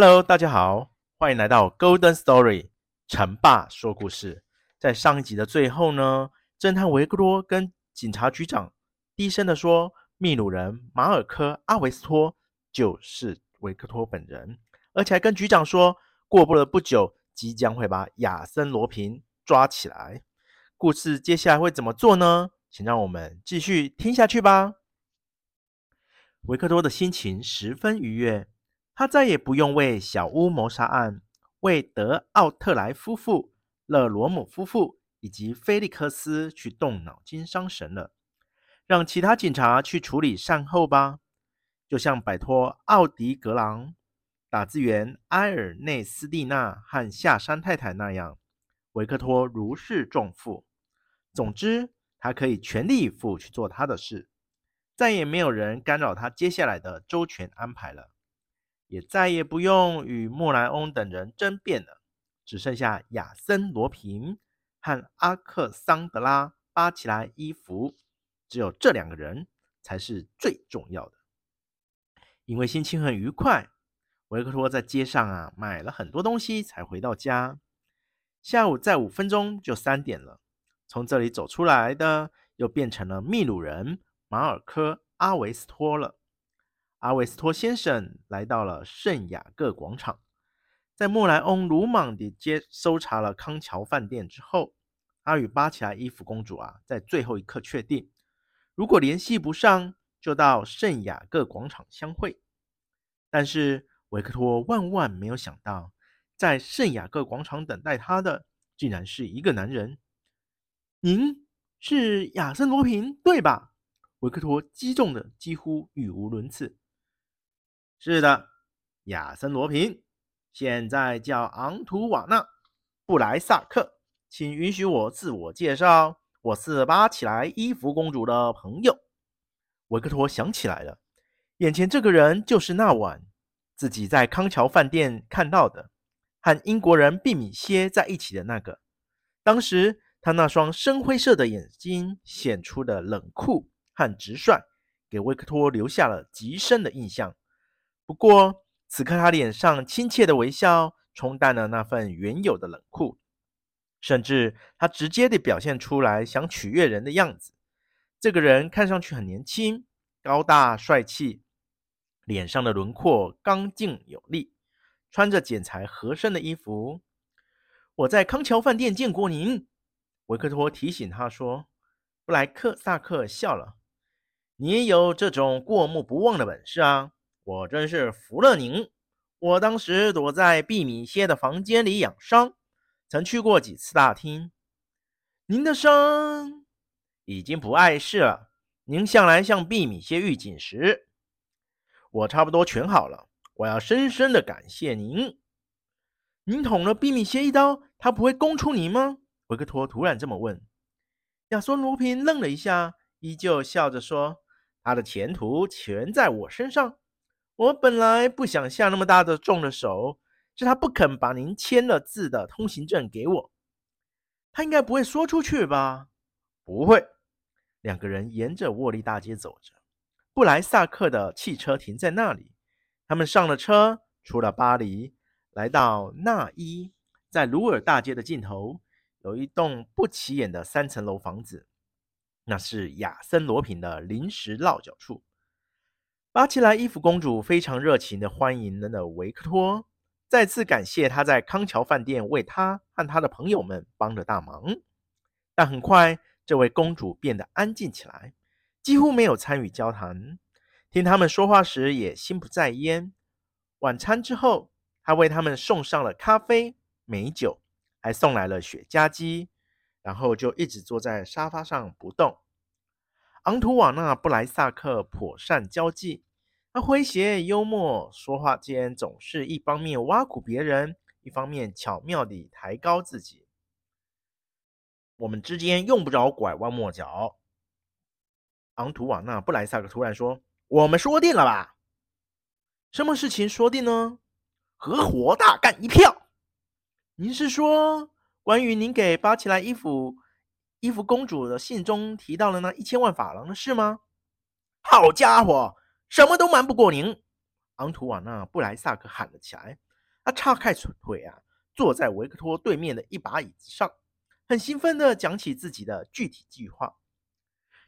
Hello，大家好，歡迎來到 Golden Story 城霸說故事。在上一集的最後呢，偵探維克托跟警察局長低聲地說，秘魯人馬爾科阿維斯托就是維克托本人，而且還跟局長說，過不了不久，即將會把亞森羅蘋抓起來。故事接下來會怎麼做呢？請讓我們繼續聽下去吧。維克托的心情十分愉悅。他再也不用為小屋謀殺案、為德奧特萊夫婦、勒羅姆夫婦以及菲利克斯去動腦筋傷神了，讓其他警察去處理善後吧，就像擺脫奧迪格朗、打字員埃爾內斯蒂娜和夏山太太那樣，維克托如釋重負。總之，他可以全力以赴去做他的事，再也沒有人干擾他接下來的周全安排了。也再也不用與莫萊翁等人爭辯了，只剩下亞森羅平和阿克桑德拉巴奇萊伊芙，只有這兩個人才是最重要的。因為心情很愉快，維克托在街上啊買了很多東西才回到家。下午再五分鐘就三點了，從這裡走出來的又變成了秘魯人馬爾科阿維斯托了。阿維斯托先生來到了聖雅各廣場，在莫萊翁魯莽地接搜查了康橋飯店之後，他與巴奇萊伊夫公主啊，在最後一刻確定，如果聯繫不上，就到聖雅各廣場相會。但是維克托萬萬沒有想到，在聖雅各廣場等待他的竟然是一個男人。您是亞森羅蘋，對吧？維克托激動得幾乎語無倫次。是的，亞森羅平，現在叫昂圖瓦納布萊薩克，請允許我自我介紹，我是巴起萊伊芙公主的朋友。維克托想起來了，眼前這個人就是那晚自己在康橋飯店看到的，和英國人畢米歇在一起的那個。當時他那雙深灰色的眼睛顯出的冷酷和直率，給維克托留下了極深的印象。不過，此刻他臉上親切的微笑沖淡了那份原有的冷酷，甚至他直接地表現出來想取悅人的樣子。這個人看上去很年輕，高大帥氣，臉上的輪廓剛勁有力，穿着剪裁合身的衣服。我在康橋飯店見過您，維克托提醒他說。布萊克薩克笑了：“你也有這種過目不忘的本事啊！”我真是服了您！我當時躲在畢米歇的房間裡養傷，曾去過幾次大廳。您的傷已經不礙事了。您向來向畢米歇預警時，我差不多全好了。我要深深的感謝您。您捅了畢米歇一刀，他不會供出你嗎？維克托突然這麼問。亞森羅蘋愣了一下，依舊笑着說：“他的前途全在我身上。”我本來不想下那麼大的重的手，是他不肯把您簽了字的通行證給我。他應該不會說出去吧？不會。兩個人沿着沃利大街走着，布萊薩克的汽車停在那裡。他們上了車，出了巴黎，來到納伊，在魯爾大街的盡頭，有一棟不起眼的三層樓房子，那是亞森羅蘋的臨時落腳處。阿奇萊伊芙公主非常熱情地歡迎了維克托，再次感謝他在康橋飯店為他和他的朋友們幫了大忙。但很快，這位公主變得安靜起來，幾乎沒有參與交談，聽他們說話時也心不在焉。晚餐之後，他為他們送上了咖啡、美酒，還送來了雪茄機，然後就一直坐在沙發上不動。昂圖瓦納·布萊薩克頗善交際。詼諧幽默，說話間總是一方面挖苦別人，一方面巧妙地抬高自己。我們之間用不着拐彎抹角。昂圖瓦納布萊薩克突然說：“我們說定了吧？什麼事情說定呢？合夥大幹一票。您是說，關於您給巴奇萊伊夫伊夫公主的信中提到了那一千萬法郎的事嗎？好家伙！”什麼都瞞不過您，昂圖瓦納·布萊薩克喊了起來。他叉開腿啊，坐在維克托對面的一把椅子上，很興奮地講起自己的具體計劃。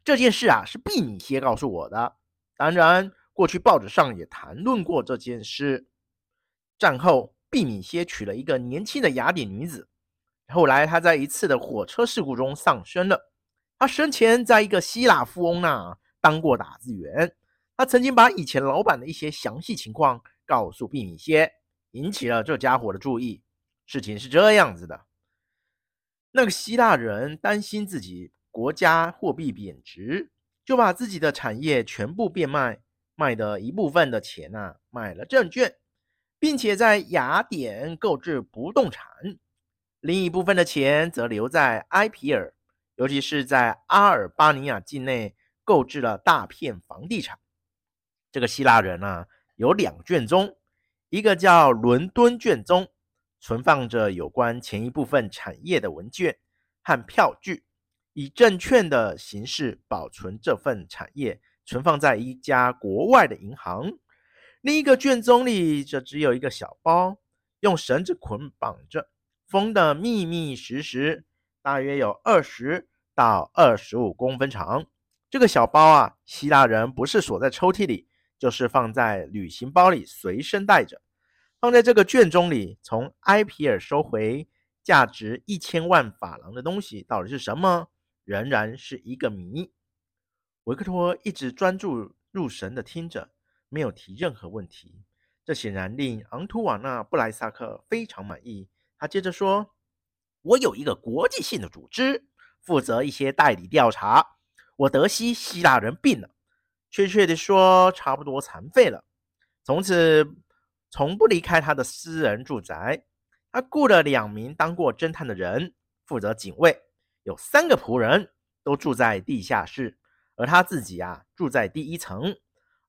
這件事啊，是畢米歇告訴我的。當然，過去報紙上也談論過這件事。戰後，畢米歇娶了一個年輕的雅典女子，後來她在一次的火車事故中喪生了。她生前在一個希臘富翁那當過打字員。他曾經把以前老闆的一些詳細情況告訴畢米歇，引起了這傢伙的注意。事情是這樣子的：那個希臘人擔心自己國家貨幣貶值，就把自己的產業全部變賣，賣的一部分的錢呢、啊，買了證券，並且在雅典購置不動產；另一部分的錢則留在埃皮爾，尤其是在阿爾巴尼亞境內購置了大片房地產。這個希臘人呢、啊，有兩卷宗，一個叫倫敦卷宗，存放着有關前一部分產業的文件和票據，以證券的形式保存這份產業，存放在一家國外的銀行。另一個卷宗裡則只有一個小包，用繩子捆綁着，封得密密實實，大約有二十到二十五公分長。這個小包啊，希臘人不是鎖在抽屜裡。就是放在旅行包裡隨身帶着，放在這個卷宗裡。從埃皮爾收回價值一千萬法郎的東西到底是什麼，仍然是一個謎。維克托一直專注入神的聽着，沒有提任何問題。這顯然令昂圖瓦納·布萊薩克非常滿意。他接着說：“我有一個國際性的組織，負責一些代理調查。我得悉希臘人病了。”確切地說，差不多殘廢了。從此，從不離開他的私人住宅。他僱了兩名當過偵探的人負責警衛，有三個僕人都住在地下室，而他自己啊住在第一層。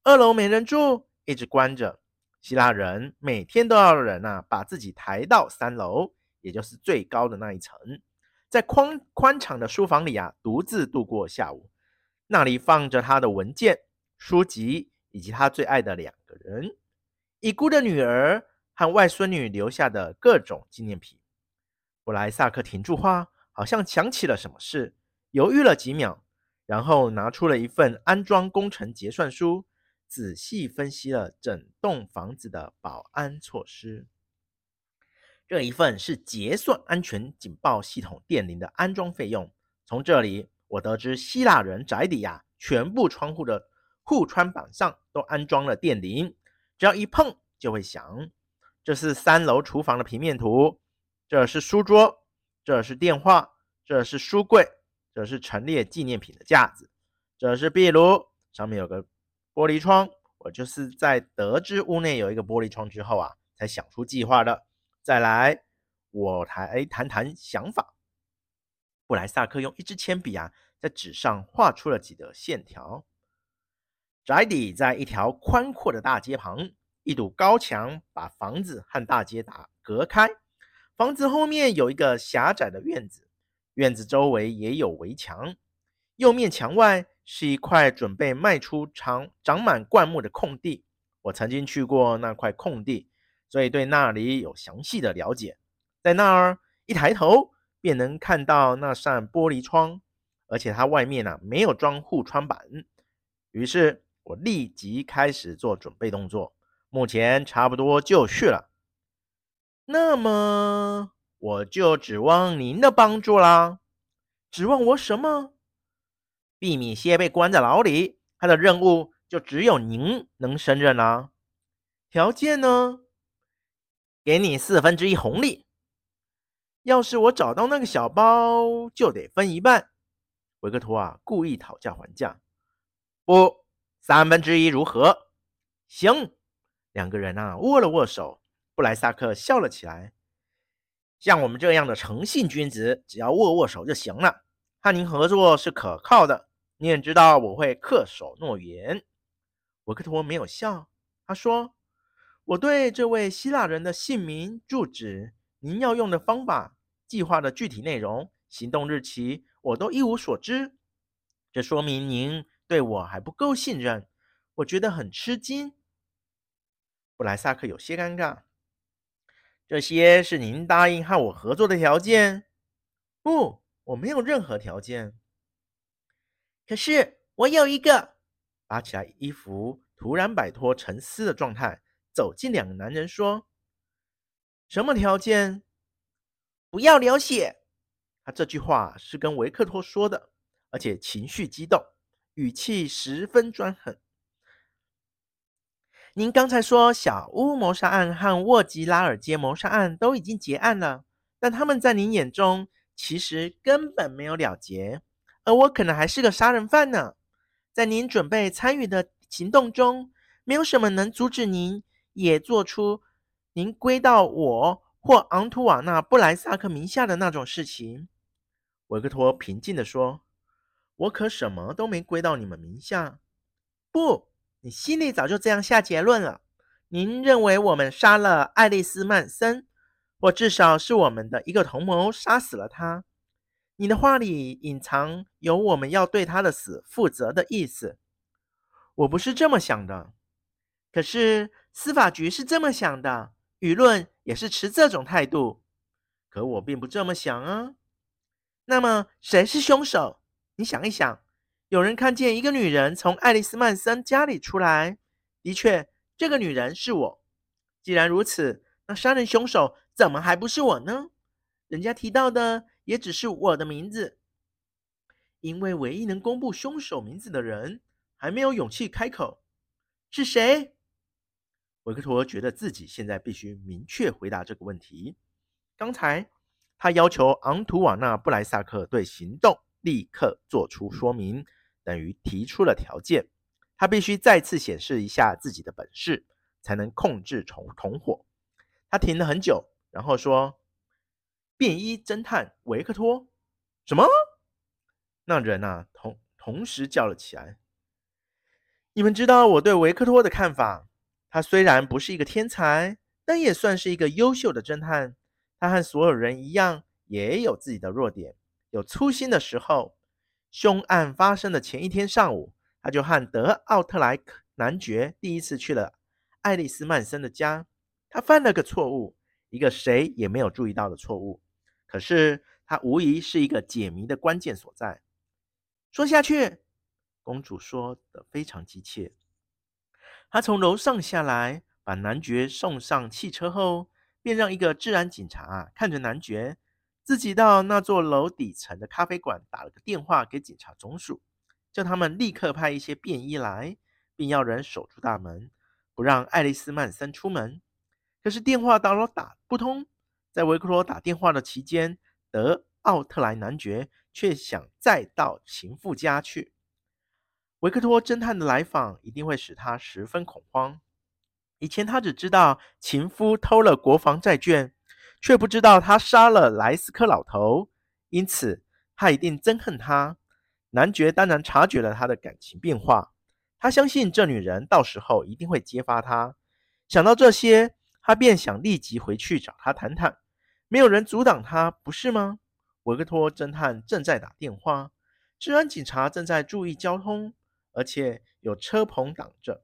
二樓沒人住，一直關着。希臘人每天都要的人吶、啊、把自己抬到三樓，也就是最高的那一層，在寬寬敞的書房裡啊獨自度過下午。那裡放着他的文件。書籍以及他最愛的兩個人，已故的女兒和外孫女留下的各種紀念品。布萊薩克停住話，好像想起了什麼事，猶豫了幾秒，然後拿出了一份安裝工程結算書，仔細分析了整棟房子的保安措施。這一份是結算安全警報系統電鈴的安裝費用。從這裡，我得知希臘人宅邸呀，全部窗戶的。護窗板上都安裝了電鈴，只要一碰就會響。這是三樓廚房的平面圖。這是書桌，這是電話，這是書櫃，這是陳列紀念品的架子，這是壁爐，上面有個玻璃窗。我就是在得知屋內有一個玻璃窗之後啊，才想出計劃的。再來，我還談談想法。布萊薩克用一支鉛筆啊，在紙上畫出了幾個線條。宅邸在一條寬闊的大街旁，一堵高牆把房子和大街打隔開。房子後面有一個狹窄的院子，院子周圍也有圍牆。右面牆外是一塊準備賣出長、長長滿灌木的空地。我曾經去過那塊空地，所以對那裡有詳細的了解。在那兒一抬頭便能看到那扇玻璃窗，而且它外面呢沒有裝護窗板。於是。我立即開始做準備動作，目前差不多就緒了。那麼我就指望您的幫助啦。指望我什麼？畢米歇被關在牢裡，他的任務就只有您能勝任啦、啊。條件呢？給你四分之一紅利。要是我找到那個小包，就得分一半。維克托啊，故意討價還價。不。三分之一如何？行，兩個人啊握了握手。布萊薩克笑了起來。像我們這樣的誠信君子，只要握握手就行了。和您合作是可靠的，您也知道我會恪守諾言。維克托沒有笑，他說：“我對這位希臘人的姓名、住址、您要用的方法、計劃的具體內容、行動日期，我都一無所知。這說明您。”對我還不夠信任，我覺得很吃驚。布萊薩克有些尷尬。這些是您答應和我合作的條件？不、哦，我沒有任何條件。可是我有一個。拉起來衣服，伊芙突然擺脫沉思的狀態，走近兩個男人說：“什麼條件？不要流血。”他這句話是跟維克托說的，而且情緒激動。語氣十分專橫。您剛才說小屋謀殺案和沃吉拉爾街謀殺案都已經結案了，但他們在您眼中其實根本沒有了結，而我可能還是個殺人犯呢。在您準備參與的行動中，沒有什麼能阻止您也做出您歸到我或昂圖瓦納布萊薩克名下的那種事情。”維克托平靜地說。我可什麼都沒歸到你們名下。不，你心裡早就這樣下結論了。您認為我們殺了愛麗絲·曼森，或至少是我們的一個同謀殺死了他。你的話裡隱藏有我們要對他的死負責的意思。我不是這麼想的，可是司法局是這麼想的，輿論也是持這種態度。可我並不這麼想啊。那麼，誰是兇手？你想一想，有人看見一個女人從愛麗絲·曼森家裡出來。的確，這個女人是我。既然如此，那殺人兇手怎麼還不是我呢？人家提到的也只是我的名字，因為唯一能公布兇手名字的人還沒有勇氣開口。是誰？維克托覺得自己現在必須明確回答這個問題。剛才他要求昂圖瓦納·布萊薩克對行動。立刻做出說明，等於提出了條件。他必須再次顯示一下自己的本事，才能控制從同夥。他停了很久，然後說：“便衣偵探維克托，什麼？那人吶、啊，同同時叫了起來：“你們知道我對維克托的看法。他雖然不是一個天才，但也算是一個優秀的偵探。他和所有人一樣，也有自己的弱點。”有粗心的時候，兇案發生的前一天上午，他就和德奧特萊克男爵第一次去了愛麗絲曼森的家。他犯了個錯誤，一個誰也沒有注意到的錯誤。可是，他無疑是一個解謎的關鍵所在。說下去，公主說得非常急切。她從樓上下來，把男爵送上汽車後，便讓一個治安警察、啊、看着男爵。自己到那座樓底層的咖啡館打了個電話給警察總署，叫他們立刻派一些便衣來，並要人守住大門，不讓愛麗絲曼森出門。可是電話到了打不通。在維克托打電話的期間，德奧特萊男爵卻想再到情婦家去。維克托偵探的來訪一定會使他十分恐慌。以前他只知道情夫偷了國防債券。卻不知道他殺了萊斯科老頭，因此他一定憎恨他。男爵當然察覺了她的感情變化，他相信這女人到時候一定會揭發他。想到這些，他便想立即回去找她談談。沒有人阻擋他，不是嗎？維克托偵探正在打電話，治安警察正在注意交通，而且有車棚擋着，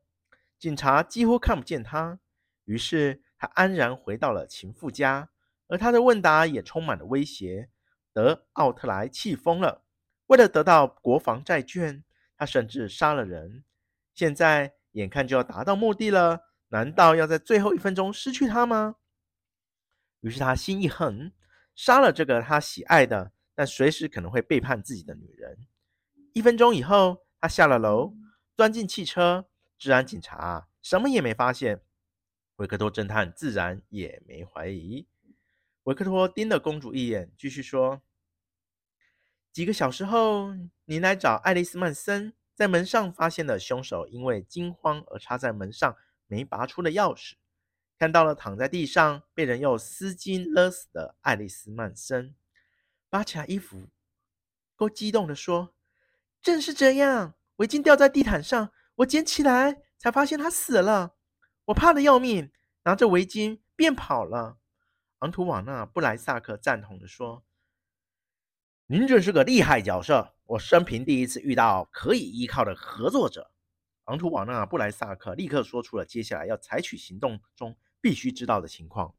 警察幾乎看不見他。於是他安然回到了情婦家。而他的問答也充滿了威脅，德奧特萊氣瘋了。為了得到國防債券，他甚至殺了人。現在眼看就要達到目的了，難道要在最後一分鐘失去他嗎？於是他心一橫，殺了這個他喜愛的，但隨時可能會背叛自己的女人。一分鐘以後，他下了樓，鑽進汽車。治安警察什麼也沒發現，維克托偵探自然也沒懷疑。維克托盯了公主一眼，繼續說：“幾個小時後，你來找愛麗絲·曼森，在門上發現了兇手因為驚慌而插在門上沒拔出的鑰匙，看到了躺在地上被人用絲巾勒死的愛麗絲·曼森，扒起來衣服。”“我激動地說：‘正是這樣，圍巾掉在地毯上，我撿起來才發現她死了。我怕得要命，拿着圍巾便跑了。’”昂圖瓦納布萊薩克讚同地說：“您真是個厲害角色，我生平第一次遇到可以依靠的合作者。昂”昂圖瓦納布萊薩克立刻說出了接下來要採取行動中必須知道的情況：“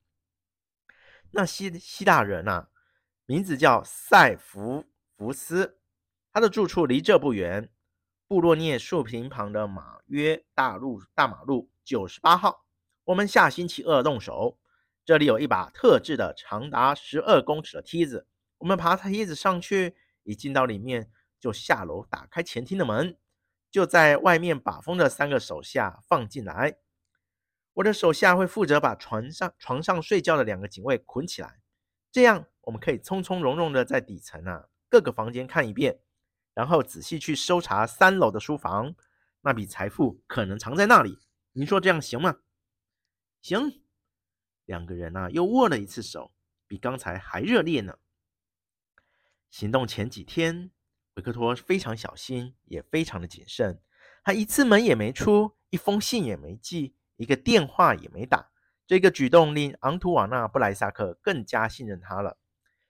那西西大人吶、啊，名字叫塞弗福，福斯，他的住處離這不遠，布洛涅樹坪旁的馬約大路大馬路九十八號。我們下星期二動手。”這裡有一把特制的，長達十二公尺的梯子，我們爬梯子上去。一進到裡面，就下樓打開前廳的門，就在外面把風的三個手下放進來。我的手下會負責把床上床上睡覺的兩個警衛捆起來，這樣我們可以從從容容的在底層啊各個房間看一遍，然後仔細去搜查三樓的書房，那筆財富可能藏在那裡。您說這樣行嗎？行。兩個人呢、啊、又握了一次手，比剛才還熱烈呢。行動前幾天，維克托非常小心，也非常的謹慎。他一次門也沒出，一封信也沒寄，一個電話也沒打。這個舉動令昂圖瓦納·布萊薩克更加信任他了。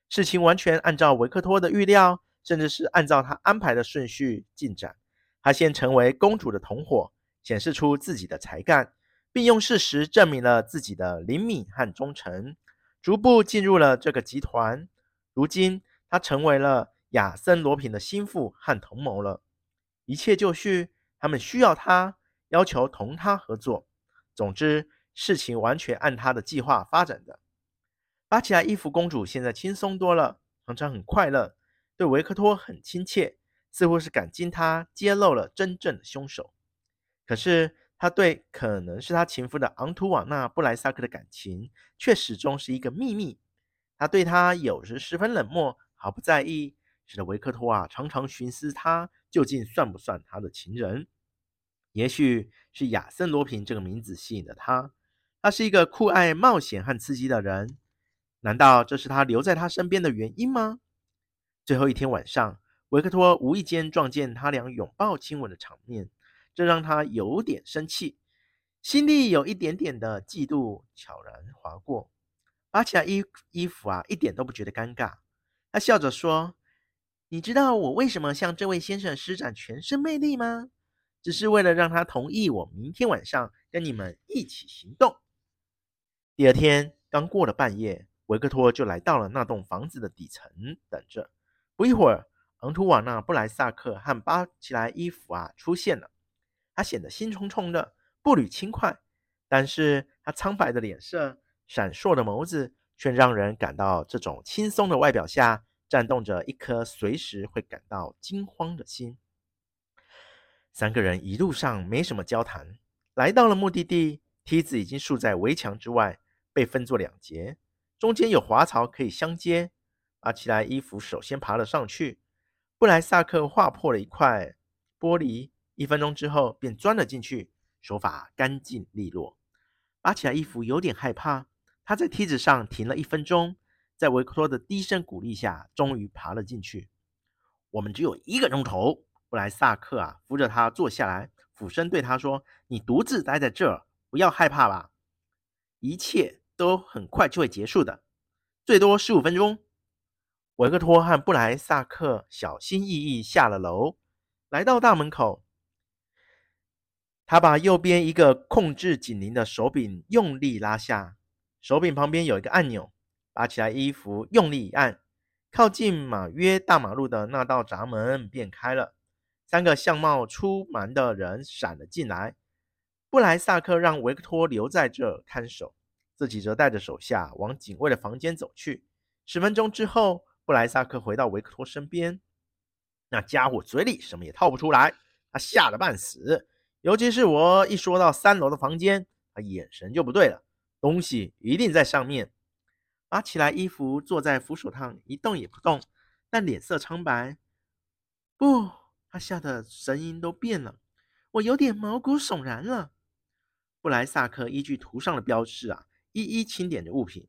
事情完全按照維克托的預料，甚至是按照他安排的順序進展。他先成為公主的同夥，顯示出自己的才幹。並用事實證明了自己的靈敏和忠誠，逐步進入了這個集團。如今，他成為了亞森·羅蘋的心腹和同謀了。一切就緒，他們需要他，要求同他合作。總之，事情完全按他的計劃發展的。巴吉亞·伊芙公主現在輕鬆多了，常常很快樂，對維克托很親切，似乎是感激他揭露了真正的凶手。可是。他對可能是他情夫的昂圖瓦納·布萊薩克的感情，却始終是一個秘密。他對他有時十分冷漠，毫不在意，使得維克托啊常常尋思他究竟算不算他的情人。也許是亞森·羅平這個名字吸引了他，他是一個酷愛冒險和刺激的人。難道這是他留在他身邊的原因嗎？最後一天晚上，維克托無意間撞見他倆擁抱親吻的場面。這讓他有點生氣，心裡有一點點的嫉妒悄然劃過。巴奇萊伊伊夫啊，一點都不覺得尷尬，他笑着說：“你知道我為什麼向這位先生施展全身魅力嗎？只是為了讓他同意我明天晚上跟你們一起行動。”第二天剛過了半夜，維克托就來到了那棟房子的底層等着。不一會兒，昂圖瓦納·布萊薩克和巴奇萊伊夫啊出現了。他顯得心匆匆的，步履輕快，但是他蒼白的臉色、閃爍的眸子，卻讓人感到這種輕鬆的外表下，顫動着一顆隨時會感到驚慌的心。三個人一路上沒什麼交談，來到了目的地，梯子已經豎在圍牆之外，被分作兩截，中間有滑槽可以相接。阿奇萊伊夫首先爬了上去，布萊薩克劃破了一塊玻璃，一分鐘之後，便鑽了進去，手法乾淨利落。拉起來，一副有點害怕。他在梯子上停了一分鐘，在維克托的低聲鼓勵下，終於爬了進去。我們只有一個鐘頭。布萊薩克啊，扶着他坐下來，俯身對他說：“你獨自待在這兒，不要害怕吧。一切都很快就會結束的，最多十五分鐘。”維克托和布萊薩克小心翼翼下了樓，來到大門口。他把右邊一個控制警鈴的手柄用力拉下，手柄旁邊有一個按鈕，拉起來衣服用力一按，靠近馬約大馬路的那道閘門便開了。三個相貌粗蠻的人閃了進來。布萊薩克讓維克托留在這看守，自己則帶着手下往警衛的房間走去。十分鐘之後，布萊薩克回到維克托身邊，那家伙嘴裡什麼也套不出來，他嚇得半死。尤其是我一說到三樓的房間，他眼神就不對了，東西一定在上面。拿起來衣服，坐在扶手旁一動也不動，但臉色蒼白。不，他嚇得聲音都變了，我有點毛骨悚然了。布萊薩克依據圖上的標誌啊，一一清點着物品。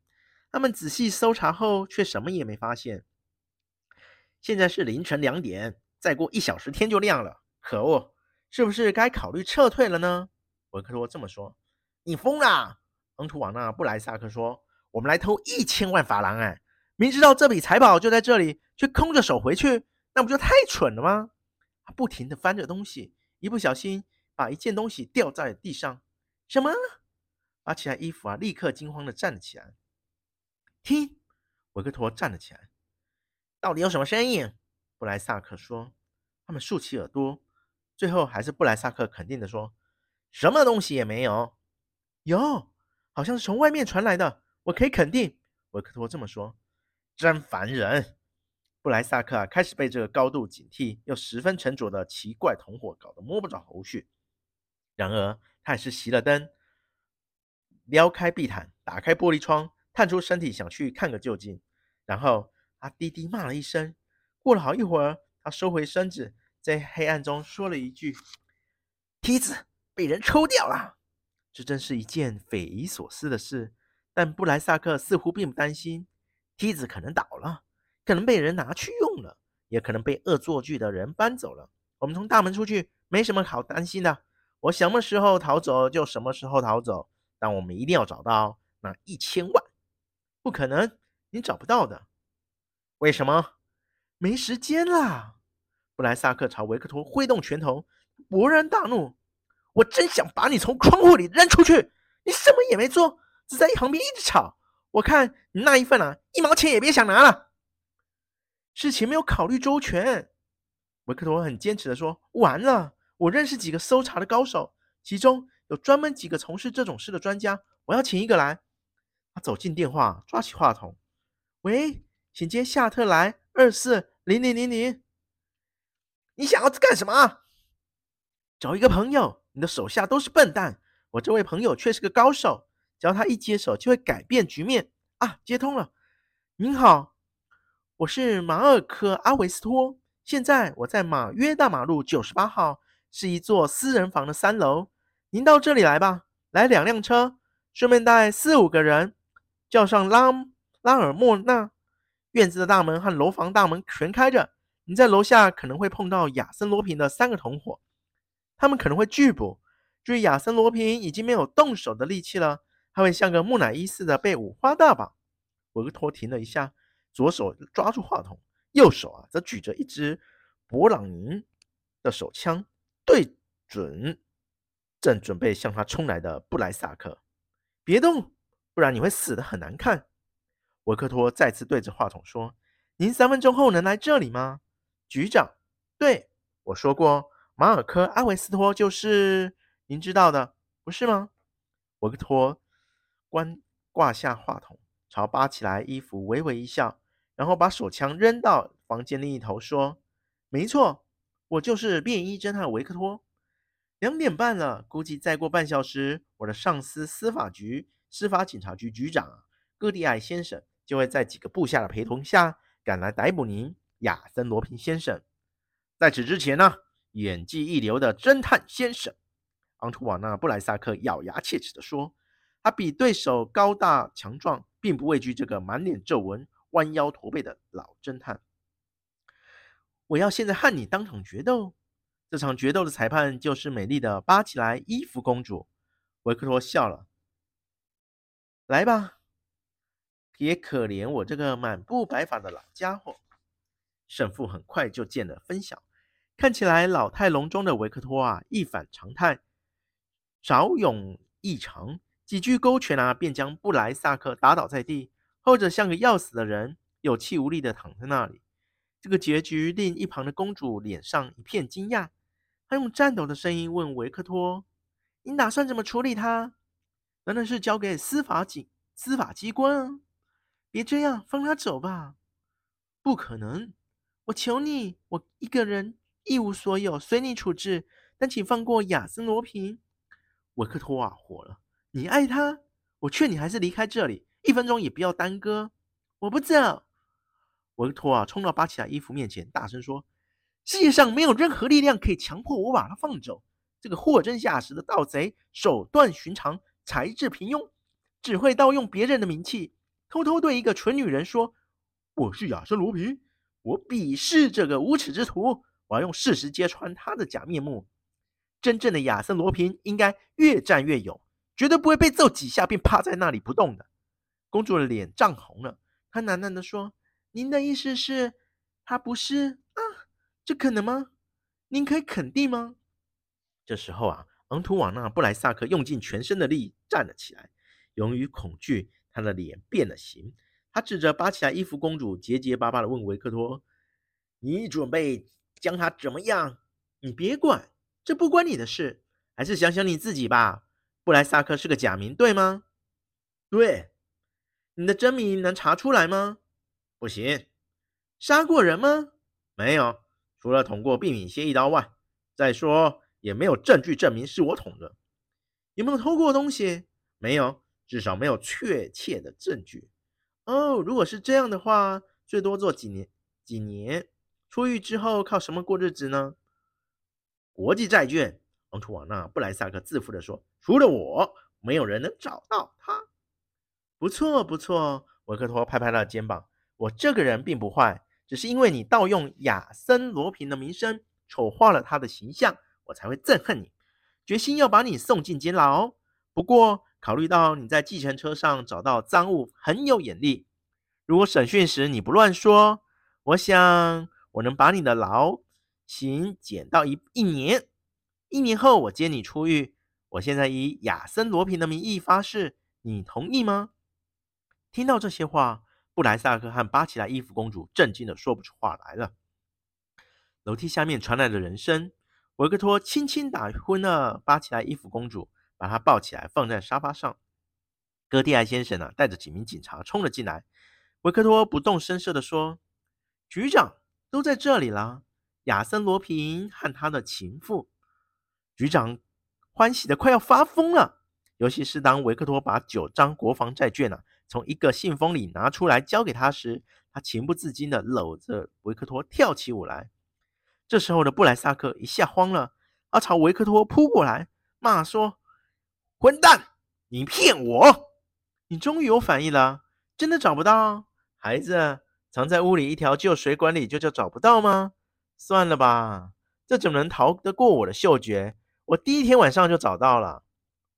他們仔細搜查後，卻什麼也沒發現。現在是凌晨兩點，再過一小時天就亮了。可惡！是不是該考慮撤退了呢？維克托這麼說。你瘋啦！恩圖瓦納·布萊薩克說：“我們來偷一千萬法郎，哎，明知道這筆財寶就在這裡，卻空着手回去，那不就太蠢了嗎？”他不停地翻着東西，一不小心把一件東西掉在地上。什麼？阿切爾·衣服啊，立刻驚慌的站了起來。聽，維克托站了起來。到底有什麼聲音？布萊薩克說。他們豎起耳朵。最後還是布萊薩克肯定的說：“什麼東西也沒有，有，好像是從外面傳來的，我可以肯定。”維克托這麼說，真煩人。布萊薩克啊，開始被這個高度警惕又十分沉着的奇怪同夥搞得摸不着頭緒。然而他還是熄了燈，撩開壁毯，打開玻璃窗，探出身體想去看個究竟。然後他低低罵了一聲。過了好一會兒，他收回身子。在黑暗中說了一句：“梯子被人抽掉了。”這真是一件匪夷所思的事。但布萊薩克似乎並不擔心，梯子可能倒了，可能被人拿去用了，也可能被惡作劇的人搬走了。我們從大門出去，沒什麼好擔心的。我什麼時候逃走就什麼時候逃走。但我們一定要找到那一千萬。不可能，你找不到的。為什麼？沒時間了。布萊薩克朝維克托揮動拳頭，勃然大怒：“我真想把你從窗戶裡扔出去！你什麼也沒做，只在一旁邊一直吵。我看你那一份啊，一毛錢也別想拿了。”事情沒有考慮周全，維克托很堅持地說：“完了，我認識幾個搜查的高手，其中有專門幾個從事這種事的專家，我要請一個來。”他走進電話，抓起話筒：“喂，請接夏特萊，二四零零零零。”你想要幹什麼？找一個朋友，你的手下都是笨蛋，我這位朋友卻是個高手。只要他一接手，就會改變局面。啊，接通了。您好，我是馬爾科·阿維斯托，現在我在馬約大馬路九十八號，是一座私人房的三樓。您到這裡來吧，來兩輛車，順便帶四五個人，叫上拉拉爾莫納。院子的大門和樓房大門全開着。你在樓下可能會碰到亞森·羅平的三個同夥，他們可能會拒捕。至於，亞森·羅平已經沒有動手的力氣了，他會像個木乃伊似的被五花大綁。維克托停了一下，左手抓住話筒，右手啊則舉着一支勃朗寧的手槍，對準正準備向他衝來的布萊薩克。別動，不然你會死的很難看。維克托再次對着話筒說：“您三分鐘後能來這裡嗎？”局長對我說過，馬爾科·阿維斯托就是您知道的，不是嗎？維克托關掛下話筒，朝扒起來衣服微微一笑，然後把手槍扔到房間另一頭，說：“沒錯，我就是便衣偵探維克托。兩點半了，估計再過半小時，我的上司司法局司法警察局局長戈蒂埃先生就會在幾個部下的陪同下趕來逮捕您。”亞森·羅平先生，在此之前呢，演技一流的偵探先生，昂圖瓦納·布萊薩克咬牙切齒的說：“他比對手高大強壯，並不畏懼這個滿臉皺紋、彎腰駝背的老偵探。我要現在和你當場決鬥。這場決鬥的裁判就是美麗的巴奇萊伊芙公主。”維克托笑了：“來吧，別可憐我這個滿布白髮的老傢伙。”勝負很快就見了分曉。看起來老態龍鍾的維克托啊，一反常態，驍勇異常，幾句勾拳啊，便將布萊薩克打倒在地。後者像個要死的人，有氣無力地躺在那裡。這個結局令一旁的公主臉上一片驚訝。她用顫抖的聲音問維克托：“你打算怎麼處理他？難道是交給司法警、司法機關啊？別這樣，放他走吧。”不可能。我求你，我一個人一無所有，隨你處置，但請放過亞森羅蘋。維克托啊，火了。你愛他？我勸你還是離開這裡，一分鐘也不要耽擱。我不走。維克托啊衝到巴奇亞伊芙面前，大聲說：“世界上沒有任何力量可以強迫我把他放走。這個貨真價實的盜賊，手段尋常，才智平庸，只會盜用別人的名氣，偷偷對一個蠢女人說：‘我是亞森羅蘋。我鄙視這個無恥之徒！我要用事實揭穿他的假面目。真正的亞森·羅蘋應該越戰越勇，絕對不會被揍幾下便趴在那裡不動的。公主的臉漲紅了，她喃喃地說：“您的意思是，他不是啊？這可能嗎？您可以肯定嗎？”這時候啊，昂圖瓦納·布萊薩克用盡全身的力站了起來，由於恐懼，他的臉變了形。他指着扒起來衣服公主，結結巴巴的問維克托：“你準備將她怎麼樣？你別管，這不關你的事，還是想想你自己吧。布萊薩克是個假名，對嗎？”“對。”“你的真名能查出來嗎？”“不行。”“殺過人嗎？”“沒有。”“除了捅過畢米歇一刀外，再說也沒有證據證明是我捅的。”“有沒有偷過東西？”“沒有，至少沒有確切的證據。”哦，如果是這樣的話，最多做幾年？幾年？出獄之後靠什麼過日子呢？國際債券，昂圖瓦納·布萊薩克自負地說：“除了我，沒有人能找到他。”不錯，不錯，維克托拍拍他的肩膀：“我這個人並不壞，只是因為你盜用亞森·羅平的名聲，醜化了他的形象，我才會憎恨你，決心要把你送進監牢。不過……”考慮到你在計程車上找到贓物很有眼力，如果審訊時你不亂說，我想我能把你的牢刑減到一一年。一年後我接你出獄。我現在以亞森·羅蘋的名義發誓，你同意嗎？聽到這些話，布萊薩克和巴奇萊伊芙公主震驚得說不出話來了。樓梯下面傳來的人聲，維克托輕輕打昏了巴奇萊伊芙公主。把他抱起來放在沙發上，戈蒂埃先生呢、啊、帶着幾名警察衝了進來。維克托不動聲色的說：“局長都在這裡啦，亞森羅平和他的情婦。”局長歡喜的快要發瘋了，尤其是當維克托把九張國防債券呢、啊、從一個信封裡拿出來交給他時，他情不自禁的摟着維克托跳起舞來。這時候的布萊薩克一下慌了，他朝維克托撲過來，罵說。混蛋！你騙我！你終於有反應了？真的找不到？孩子藏在屋裡一條舊水管裡，就叫找不到嗎？算了吧，這怎麼能逃得過我的嗅覺？我第一天晚上就找到了。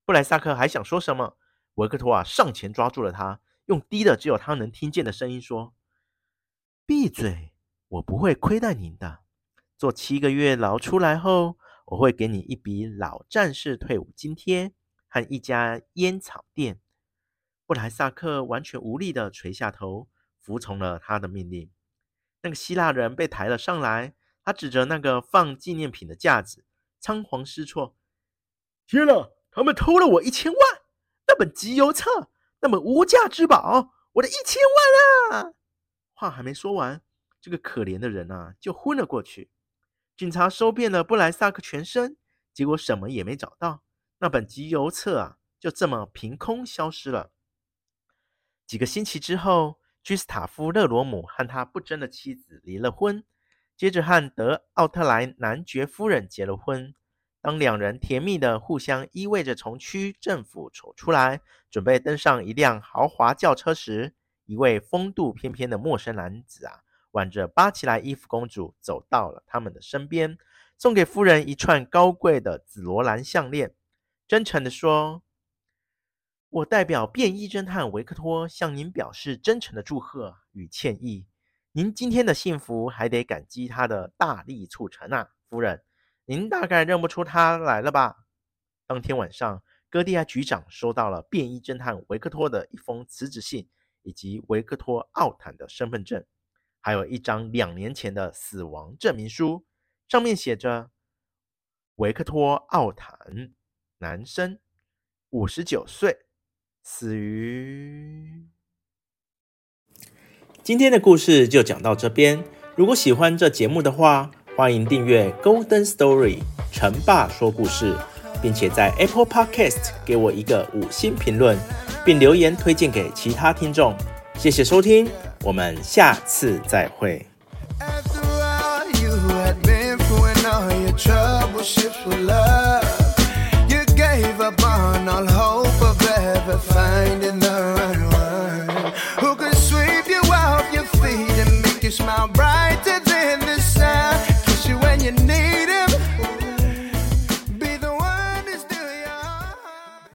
布萊薩克還想說什麼？維克托啊，上前抓住了他，用低的只有他能聽見的聲音說：“閉嘴！我不會虧待您的。坐七個月牢出來後，我會給你一筆老戰士退伍津貼。”和一家煙草店，布萊薩克完全無力的垂下頭，服從了他的命令。那個希臘人被抬了上來，他指着那個放紀念品的架子，倉皇失措：“天吶，他們偷了我一千萬！那本集郵冊，那本無價之寶，我的一千萬啊！”話還沒說完，這個可憐的人啊，就昏了過去。警察搜遍了布萊薩克全身，結果什麼也沒找到。那本集郵冊啊，就這麼憑空消失了。幾個星期之後，居斯塔夫·勒羅姆和他不爭的妻子離了婚，接着和德奧特萊男爵夫人結了婚。當兩人甜蜜的互相依偎着從區政府走出來，準備登上一輛豪華轎車時，一位風度翩翩的陌生男子啊，挽着巴奇萊伊芙公主走到了他們的身邊，送給夫人一串高貴的紫羅蘭項鏈。真誠地說，我代表便衣偵探維克托向您表示真誠的祝賀與歉意。您今天的幸福還得感激他的大力促成啊，夫人。您大概認不出他來了吧？當天晚上，戈地亞局長收到了便衣偵探維克托的一封辭職信，以及維克托·奧坦的身份證，還有一張兩年前的死亡證明書，上面寫着維克托·奧坦。男生，五十九歲，死於。今天的故事就講到這邊。如果喜歡這節目的話，歡迎訂閱 Golden Story 陳爸說故事，並且在 Apple Podcast 給我一個五星評論，並留言推薦給其他聽眾。謝謝收聽，我們下次再會。